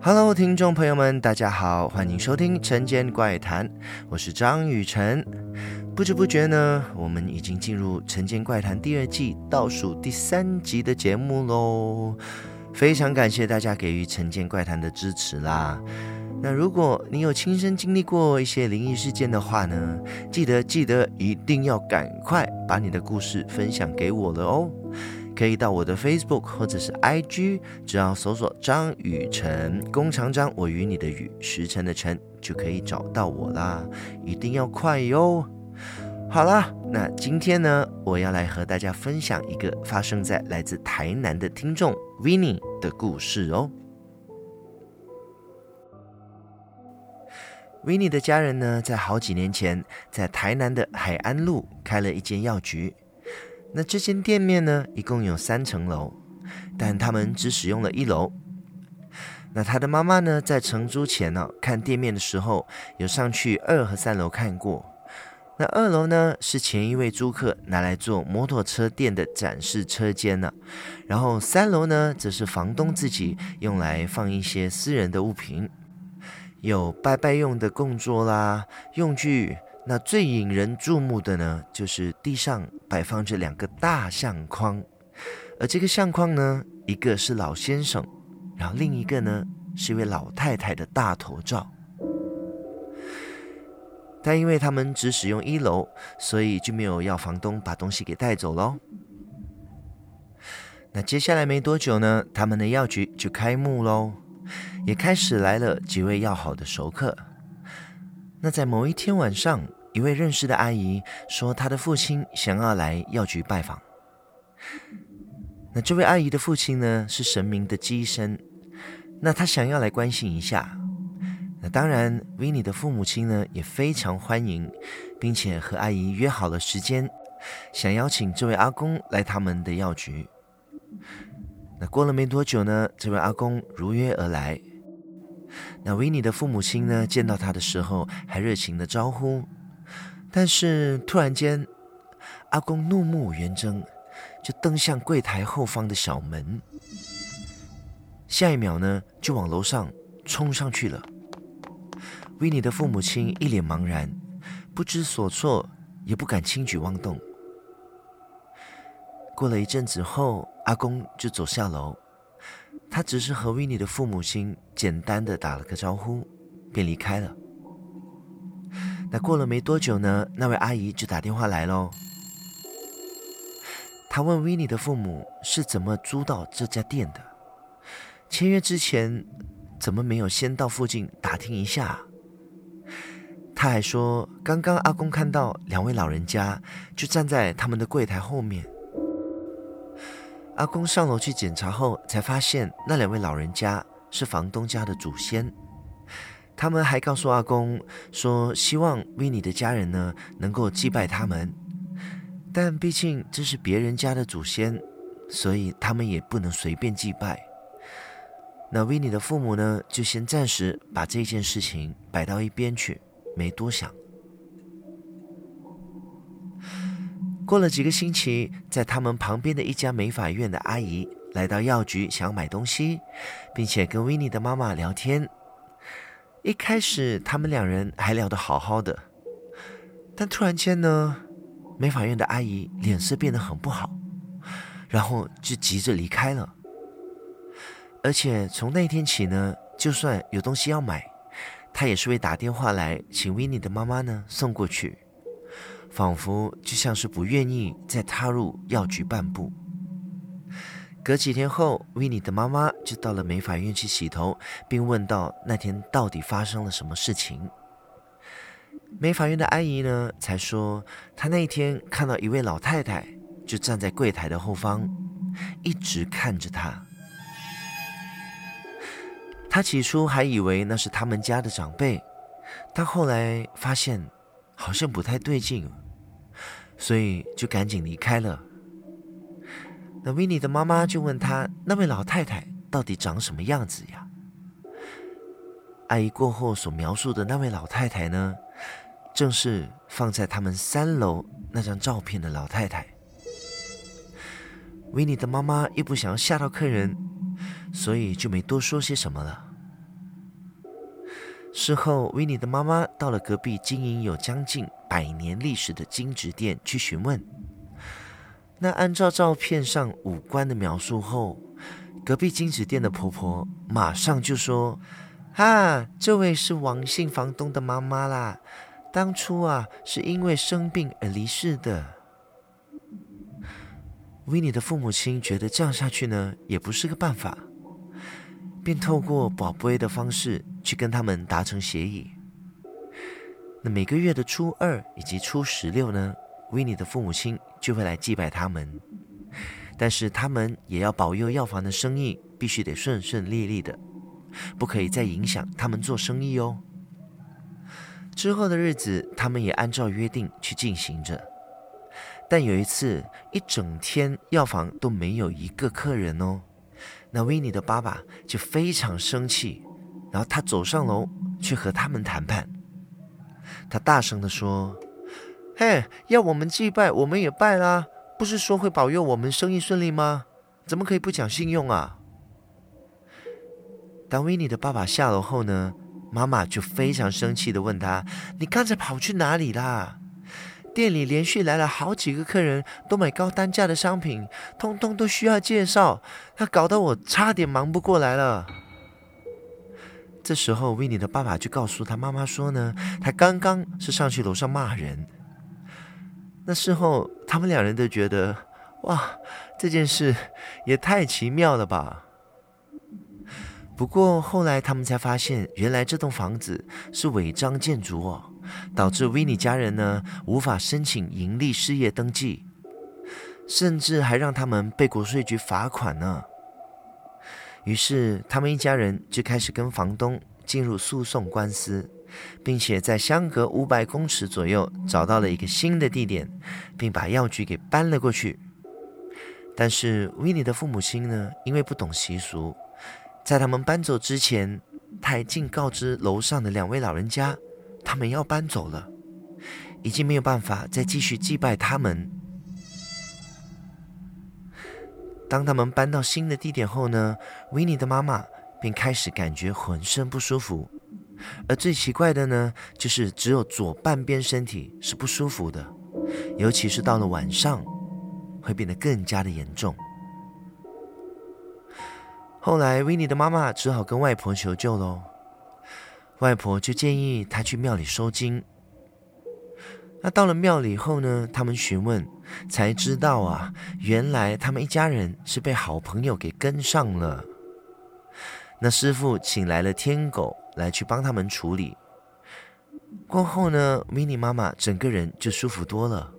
Hello，聽眾朋友們，大家好，歡迎收聽《辰間怪談》，我是張雨晨。不知不覺呢，我們已經進入《辰間怪談》第二季倒數第三集的節目嘍。非常感謝大家給予《辰間怪談》的支持啦。那如果你有親身經歷過一些靈異事件的話呢，記得記得一定要趕快把你的故事分享給我了哦。可以到我的 Facebook 或者是 IG，只要搜索“張雨辰”、“弓長張”、“我與你的雨”、“時辰的辰”，就可以找到我啦！一定要快喲。好啦，那今天呢，我要來和大家分享一個發生在來自台南的聽眾 Vinnie 的故事哦。Vinnie 的家人呢，在好幾年前，在台南的海安路開了一間藥局。那這間店面呢，一共有三層樓，但他們只使用了一樓。那他的媽媽呢，在承租前呢、啊，看店面的時候，有上去二和三樓看過。那二樓呢，是前一位租客拿來做摩托車店的展示車間呢、啊、然後三樓呢，則是房東自己用來放一些私人的物品，有拜拜用的供桌啦，用具。那最引人注目的呢，就是地上擺放着兩個大相框，而這個相框呢，一個是老先生，然後另一個呢，是一位老太太的大頭照。但因為他們只使用一樓，所以就沒有要房東把東西給帶走嘍。那接下來沒多久呢，他們的藥局就開幕嘍，也開始來了幾位要好的熟客。那在某一天晚上，一位認識的阿姨說，她的父親想要來藥局拜訪。那這位阿姨的父親呢，是神明的乩身，那他想要來關心一下。那當然，維尼的父母親呢也非常歡迎，並且和阿姨約好了時間，想邀請這位阿公來他們的藥局。那過了沒多久呢，這位阿公如約而來。那維尼的父母親呢，見到他的時候還熱情的招呼。但是突然間，阿公怒目圓睜，就瞪向櫃台後方的小門。下一秒呢，就往樓上衝上去了。維尼的父母親一臉茫然，不知所措，也不敢輕舉妄動。過了一陣子後，阿公就走下樓，他只是和維尼的父母親簡單的打了個招呼，便離開了。那過了沒多久呢，那位阿姨就打電話來嘍。她問維尼的父母是怎麼租到這家店的，簽約之前怎麼沒有先到附近打聽一下？她還說，剛剛阿公看到兩位老人家就站在他們的櫃台後面。阿公上樓去檢查後，才發現那兩位老人家是房東家的祖先。他們還告訴阿公說：“希望維尼的家人呢，能夠祭拜他們，但畢竟這是別人家的祖先，所以他們也不能隨便祭拜。”那維尼的父母呢，就先暫時把這件事情擺到一邊去，沒多想。過了幾個星期，在他們旁邊的一家美髮院的阿姨來到藥局想買東西，並且跟維尼的媽媽聊天。一開始他們兩人還聊得好好的，但突然間呢，美髮院的阿姨臉色變得很不好，然後就急着離開了。而且從那天起呢，就算有東西要買，她也是會打電話來，請維尼的媽媽呢送過去，仿佛就像是不願意再踏入藥局半步。隔幾天後，維尼的媽媽就到了美髮院去洗頭，並問道：“那天到底發生了什麼事情？”美髮院的阿姨呢，才說她那天看到一位老太太就站在櫃台的後方，一直看着她。她起初還以為那是他們家的長輩，但後來發現好像不太對勁，所以就趕緊離開了。那維尼的媽媽就問她：“那位老太太到底長什麼樣子呀？”阿姨過後所描述的那位老太太呢，正是放在他們三樓那張照片的老太太。維尼 的媽媽又不想要嚇到客人，所以就沒多說些什麼了。事後，維尼的媽媽到了隔壁經營有將近百年歷史的金紙店去詢問。那按照照片上五官的描述後，隔壁金紙店的婆婆馬上就說：“啊，這位是王姓房東的媽媽啦，當初啊是因為生病而離世的。”維尼的父母親覺得這樣下去呢也不是個辦法，便透過寶貝的方式去跟他們達成協議。那每個月的初二以及初十六呢，維尼的父母親就會來祭拜他們，但是他們也要保佑藥房的生意必須得順順利利的，不可以再影響他們做生意哦。之後的日子，他們也按照約定去進行着，但有一次，一整天藥房都沒有一個客人哦。那維尼的爸爸就非常生氣，然後他走上樓去和他們談判，他大聲地說。嘿，要我們祭拜，我們也拜啦。不是說會保佑我們生意順利嗎？怎麼可以不講信用啊？當維尼的爸爸下樓後呢，媽媽就非常生氣地問他：“你剛才跑去哪裡啦？”店裡連續來了好幾個客人，都買高單價的商品，通通都需要介紹，他搞得我差點忙不過來了。這時候，維尼的爸爸就告訴他媽媽說呢：“他剛剛是上去樓上罵人。”那事後，他們兩人都覺得，哇，這件事也太奇妙了吧。不過後來他們才發現，原來這棟房子是違章建築哦，導致維尼家人呢無法申請營利事業登記，甚至還讓他們被國稅局罰款呢、啊。於是他們一家人就開始跟房東進入訴訟官司。並且在相隔五百公尺左右找到了一個新的地點，並把藥局給搬了過去。但是維尼的父母親呢，因為不懂習俗，在他們搬走之前，他已經告知樓上的兩位老人家，他們要搬走了，已經沒有辦法再繼續祭拜他們。當他們搬到新的地點後呢，維尼的媽媽便開始感覺渾身不舒服。而最奇怪的呢，就是只有左半邊身體是不舒服的，尤其是到了晚上，會變得更加的嚴重。後來，維尼的媽媽只好跟外婆求救嘍，外婆就建議她去廟裡收驚。那到了廟裡後呢，他們詢問才知道啊，原來他們一家人是被好朋友給跟上了。那師傅請來了天狗來去幫他們處理。過後呢，維尼媽媽整個人就舒服多了。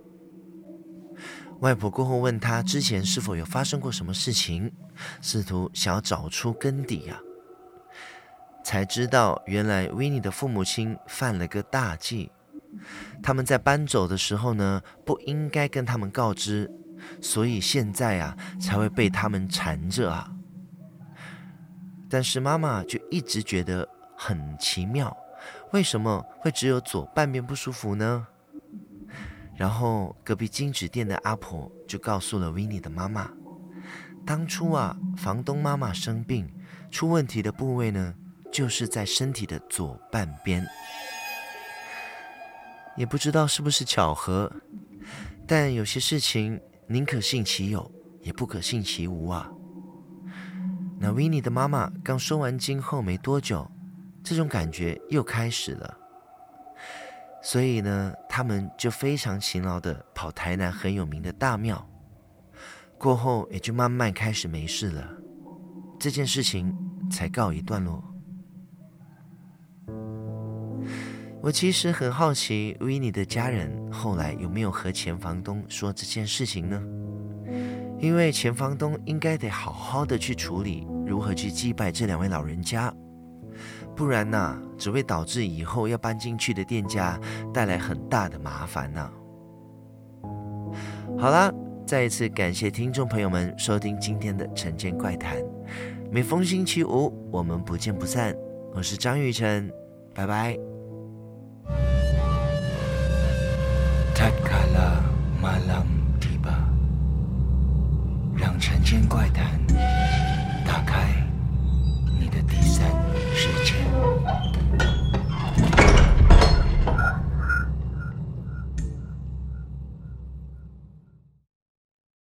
外婆過後問他之前是否有發生過什麼事情，試圖想要找出根底呀。才知道原來維尼的父母親犯了個大忌，他們在搬走的時候呢，不應該跟他們告知，所以現在啊才會被他們纏着啊。但是媽媽就一直覺得很奇妙，為什麼會只有左半邊不舒服呢？然後隔壁金紙店的阿婆就告訴了維尼的媽媽，當初啊，房東媽媽生病出問題的部位呢，就是在身體的左半邊，也不知道是不是巧合，但有些事情寧可信其有，也不可信其無啊。那維尼的媽媽剛收完驚後沒多久，這種感覺又開始了，所以呢，他們就非常勤勞地跑台南很有名的大廟，過後也就慢慢開始沒事了，這件事情才告一段落。我其實很好奇，維尼的家人後來有沒有和前房東說這件事情呢？因為前房東應該得好好的去處理，如何去祭拜這兩位老人家，不然吶、啊，只會導致以後要搬進去的店家帶來很大的麻煩吶、啊。好啦，再一次感謝聽眾朋友們收聽今天的《辰間怪談》，每逢星期五我們不見不散。我是張雨辰，拜拜。